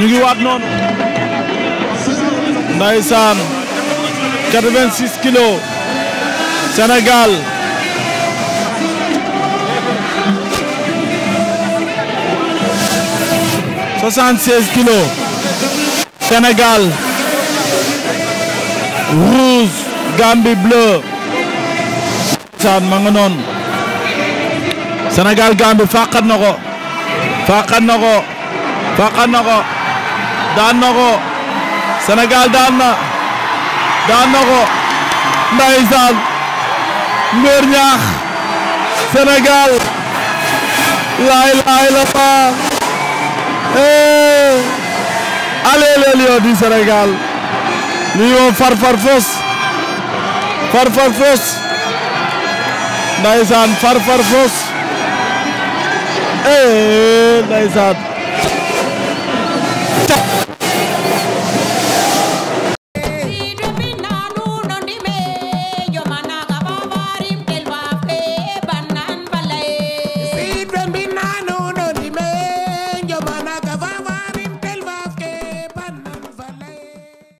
ñu ngi waat noonu ndaysaan 86 kilos Sénégal soixante-seize kilos Sénégal rouge Gambie bleu ma nga noonu Sénégal Gambie fàqat na ko fàqat na daan na ko Sénégal daan na daan na ko ndeysaan mbër ñaax Sénégal laay laay la fa eh allez les lions du Sénégal lion far far fos far far fos ndeysaan far far fos eh,